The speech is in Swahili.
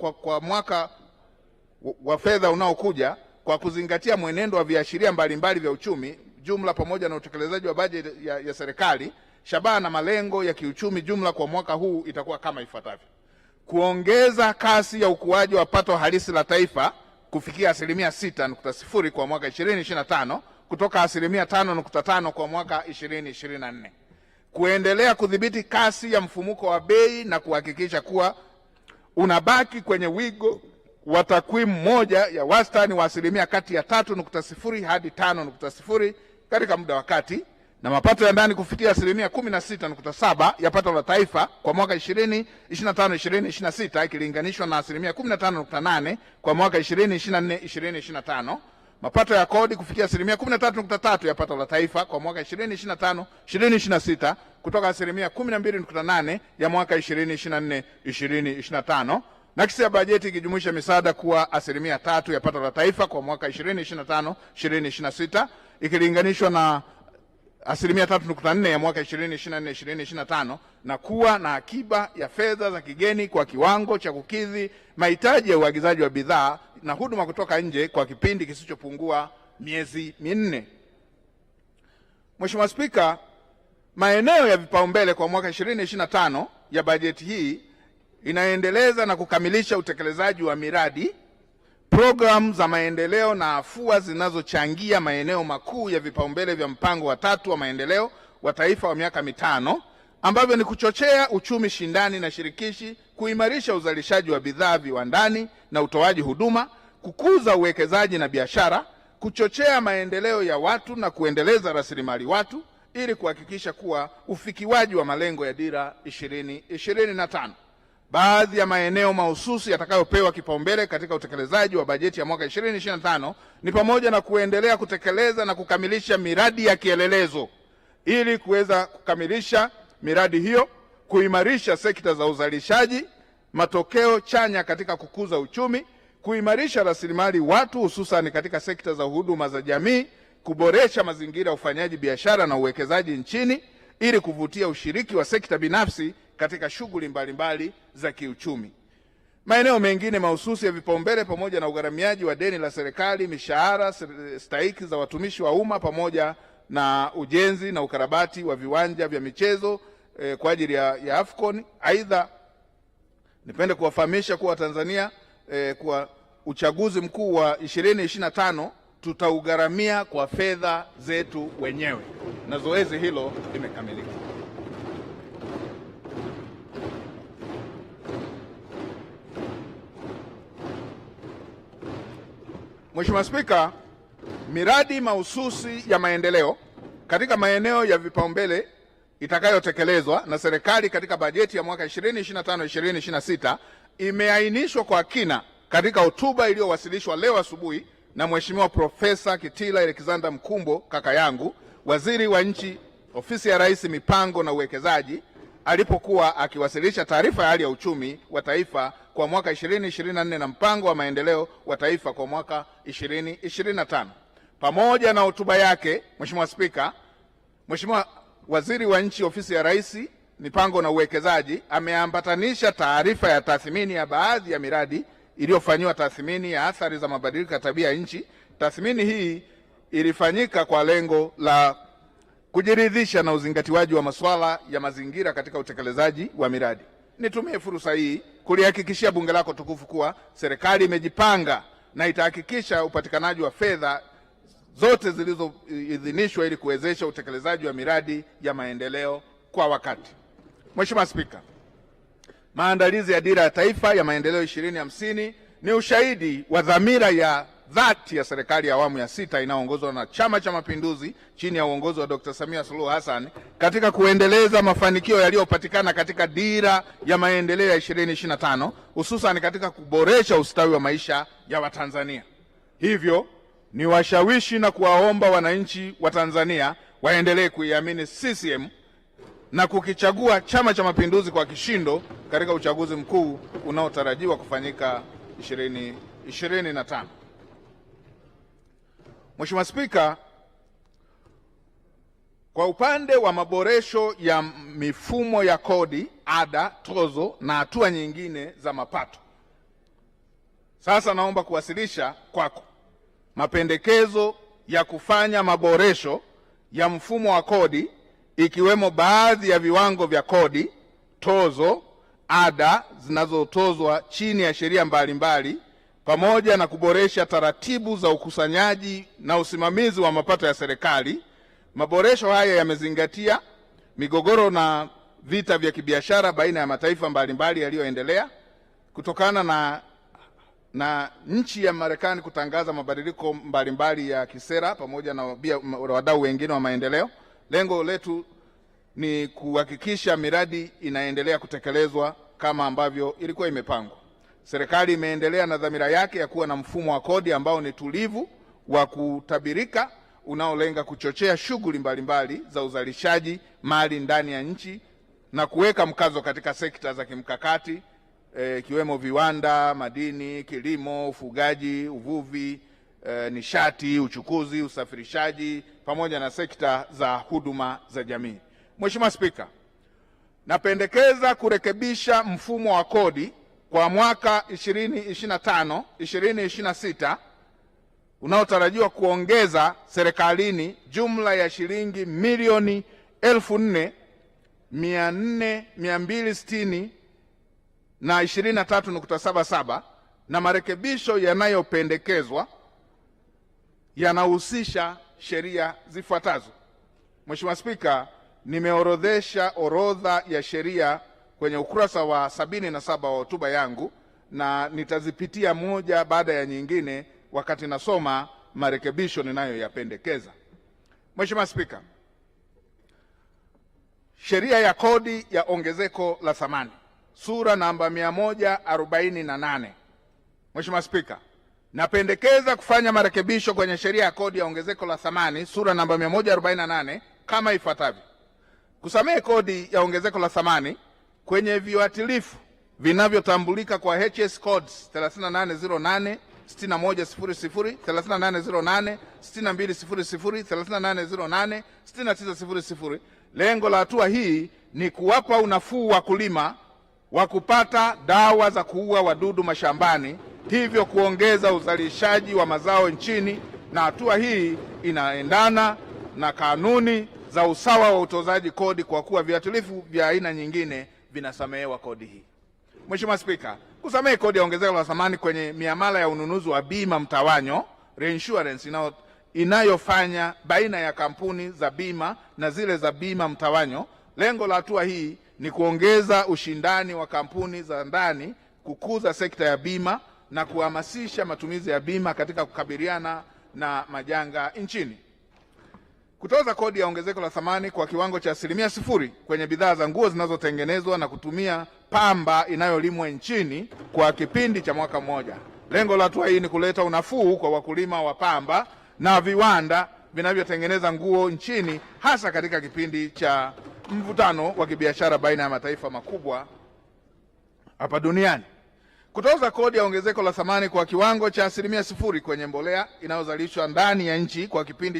kwa, kwa mwaka wa fedha unaokuja kwa kuzingatia mwenendo wa viashiria mbalimbali vya uchumi jumla pamoja na utekelezaji wa bajeti ya, ya serikali shabaha na malengo ya kiuchumi jumla kwa mwaka huu itakuwa kama ifuatavyo: kuongeza kasi ya ukuaji wa pato halisi la taifa kufikia asilimia sita nukta sifuri kwa mwaka 2025 kutoka asilimia tano nukta tano kwa mwaka 2024, kuendelea kudhibiti kasi ya mfumuko wa bei na kuhakikisha kuwa unabaki kwenye wigo wa takwimu moja ya wastani wa asilimia kati ya tatu nukta sifuri hadi tano nukta sifuri katika muda wa kati na mapato ya ndani kufikia asilimia kumi na sita nukta saba ya pato la taifa kwa mwaka ishirini 2026 ikilinganishwa na asilimia kumi na tano nukta nane kwa mwaka ishirini 2025 Mapato ya kodi kufikia asilimia 13.3 ya pato la taifa kwa mwaka 2025 2026 kutoka asilimia 12.8 ya mwaka 2024 2025. Nakisi ya bajeti ikijumuisha misaada kuwa asilimia tatu ya pato la taifa kwa mwaka 2025 2026 ikilinganishwa na asilimia 3.4 ya mwaka 2024 2025 na kuwa na akiba ya fedha za kigeni kwa kiwango cha kukidhi mahitaji ya uagizaji wa bidhaa na huduma kutoka nje kwa kipindi kisichopungua miezi minne. Mheshimiwa Spika, maeneo ya vipaumbele kwa mwaka 2025 ya bajeti hii inaendeleza na kukamilisha utekelezaji wa miradi programu za maendeleo na afua zinazochangia maeneo makuu ya vipaumbele vya mpango wa tatu wa maendeleo wa taifa wa miaka mitano ambavyo ni kuchochea uchumi shindani na shirikishi, kuimarisha uzalishaji wa bidhaa viwandani na utoaji huduma, kukuza uwekezaji na biashara, kuchochea maendeleo ya watu na kuendeleza rasilimali watu ili kuhakikisha kuwa ufikiwaji wa malengo ya Dira 2025 baadhi ya maeneo mahususi yatakayopewa kipaumbele katika utekelezaji wa bajeti ya mwaka 2025 ni pamoja na kuendelea kutekeleza na kukamilisha miradi ya kielelezo ili kuweza kukamilisha miradi hiyo, kuimarisha sekta za uzalishaji, matokeo chanya katika kukuza uchumi, kuimarisha rasilimali watu hususan katika sekta za huduma za jamii, kuboresha mazingira ya ufanyaji biashara na uwekezaji nchini ili kuvutia ushiriki wa sekta binafsi katika shughuli mbalimbali za kiuchumi. Maeneo mengine mahususi ya vipaumbele pamoja na ugharamiaji wa deni la serikali, mishahara stahiki za watumishi wa umma, pamoja na ujenzi na ukarabati wa viwanja vya michezo eh, kwa ajili ya, ya AFCON. Aidha, nipende kuwafahamisha kuwa Tanzania eh, kwa uchaguzi mkuu wa 2025 tutaugharamia kwa fedha zetu wenyewe na zoezi hilo limekamilika. Mheshimiwa Spika, miradi mahususi ya maendeleo katika maeneo ya vipaumbele itakayotekelezwa na serikali katika bajeti ya mwaka 2025 2026 imeainishwa kwa kina katika hotuba iliyowasilishwa leo asubuhi na Mheshimiwa Profesa Kitila Alexander Mkumbo, kaka yangu, waziri wa nchi ofisi ya Rais, mipango na uwekezaji, alipokuwa akiwasilisha taarifa ya hali ya uchumi wa taifa kwa mwaka 2024 na mpango wa maendeleo wa taifa kwa mwaka 2025. Pamoja na hotuba yake, Mheshimiwa Spika, Mheshimiwa Waziri wa Nchi, Ofisi ya Rais, Mipango na Uwekezaji, ameambatanisha taarifa ya tathmini ya baadhi ya miradi iliyofanyiwa tathmini ya athari za mabadiliko ya tabia ya nchi. Tathmini hii ilifanyika kwa lengo la kujiridhisha na uzingatiwaji wa masuala ya mazingira katika utekelezaji wa miradi nitumie fursa hii kulihakikishia bunge lako tukufu kuwa serikali imejipanga na itahakikisha upatikanaji wa fedha zote zilizoidhinishwa ili kuwezesha utekelezaji wa miradi ya maendeleo kwa wakati. Mheshimiwa Spika, maandalizi ya dira ya taifa ya maendeleo 2050 ni ushahidi wa dhamira ya dhati ya serikali ya awamu ya sita inayoongozwa na Chama cha Mapinduzi chini ya uongozi wa Dr. Samia Suluhu Hassan katika kuendeleza mafanikio yaliyopatikana katika dira ya maendeleo ya 2025 hususan katika kuboresha ustawi wa maisha ya Watanzania. Hivyo ni washawishi na kuwaomba wananchi wa Tanzania waendelee kuiamini CCM na kukichagua Chama cha Mapinduzi kwa kishindo katika uchaguzi mkuu unaotarajiwa kufanyika 2025. Mheshimiwa Spika, kwa upande wa maboresho ya mifumo ya kodi, ada, tozo na hatua nyingine za mapato, sasa naomba kuwasilisha kwako mapendekezo ya kufanya maboresho ya mfumo wa kodi ikiwemo baadhi ya viwango vya kodi, tozo, ada zinazotozwa chini ya sheria mbalimbali pamoja na kuboresha taratibu za ukusanyaji na usimamizi wa mapato ya serikali. Maboresho haya yamezingatia migogoro na vita vya kibiashara baina ya mataifa mbalimbali yaliyoendelea kutokana na, na nchi ya Marekani kutangaza mabadiliko mbalimbali ya kisera pamoja na wadau wengine wa maendeleo. Lengo letu ni kuhakikisha miradi inaendelea kutekelezwa kama ambavyo ilikuwa imepangwa serikali imeendelea na dhamira yake ya kuwa na mfumo wa kodi ambao ni tulivu wa kutabirika unaolenga kuchochea shughuli mbalimbali za uzalishaji mali ndani ya nchi na kuweka mkazo katika sekta za kimkakati e, ikiwemo e, viwanda, madini, kilimo, ufugaji, uvuvi, e, nishati, uchukuzi, usafirishaji pamoja na sekta za huduma za jamii. Mheshimiwa Spika, napendekeza kurekebisha mfumo wa kodi kwa mwaka 2025 2026 unaotarajiwa kuongeza serikalini jumla ya shilingi milioni 4,426 na 23.77 na marekebisho yanayopendekezwa yanahusisha sheria zifuatazo. Mheshimiwa Spika, nimeorodhesha orodha ya sheria kwenye ukurasa wa sabini na saba wa hotuba yangu na nitazipitia moja baada ya nyingine wakati nasoma marekebisho ninayoyapendekeza. Mheshimiwa Spika, sheria ya kodi ya ongezeko la thamani sura namba 148. Mheshimiwa Spika, napendekeza kufanya marekebisho kwenye sheria ya kodi ya ongezeko la thamani sura namba 148 kama ifuatavyo: kusamehe kodi ya ongezeko la thamani kwenye viuatilifu vinavyotambulika kwa HS codes 3808 6100 3808 6200 3808 6900. Lengo la hatua hii ni kuwapa unafuu wakulima wa kupata dawa za kuua wadudu mashambani, hivyo kuongeza uzalishaji wa mazao nchini, na hatua hii inaendana na kanuni za usawa wa utozaji kodi kwa kuwa viuatilifu vya aina nyingine vinasamehewa kodi hii. Mheshimiwa Spika, kusamehe kodi ya ongezeko la thamani kwenye miamala ya ununuzi wa bima mtawanyo reinsurance inayofanya baina ya kampuni za bima na zile za bima mtawanyo. Lengo la hatua hii ni kuongeza ushindani wa kampuni za ndani, kukuza sekta ya bima na kuhamasisha matumizi ya bima katika kukabiliana na majanga nchini. Kutoza kodi ya ongezeko la thamani kwa kiwango cha asilimia sifuri kwenye bidhaa za nguo zinazotengenezwa na kutumia pamba inayolimwa nchini kwa kipindi cha mwaka mmoja. Lengo la hatua hii ni kuleta unafuu kwa wakulima wa pamba na viwanda vinavyotengeneza nguo nchini, hasa katika kipindi cha mvutano wa kibiashara baina ya mataifa makubwa hapa duniani. Kutoza kodi ya ongezeko la thamani kwa kiwango cha asilimia sifuri kwenye mbolea inayozalishwa ndani ya nchi kwa kipindi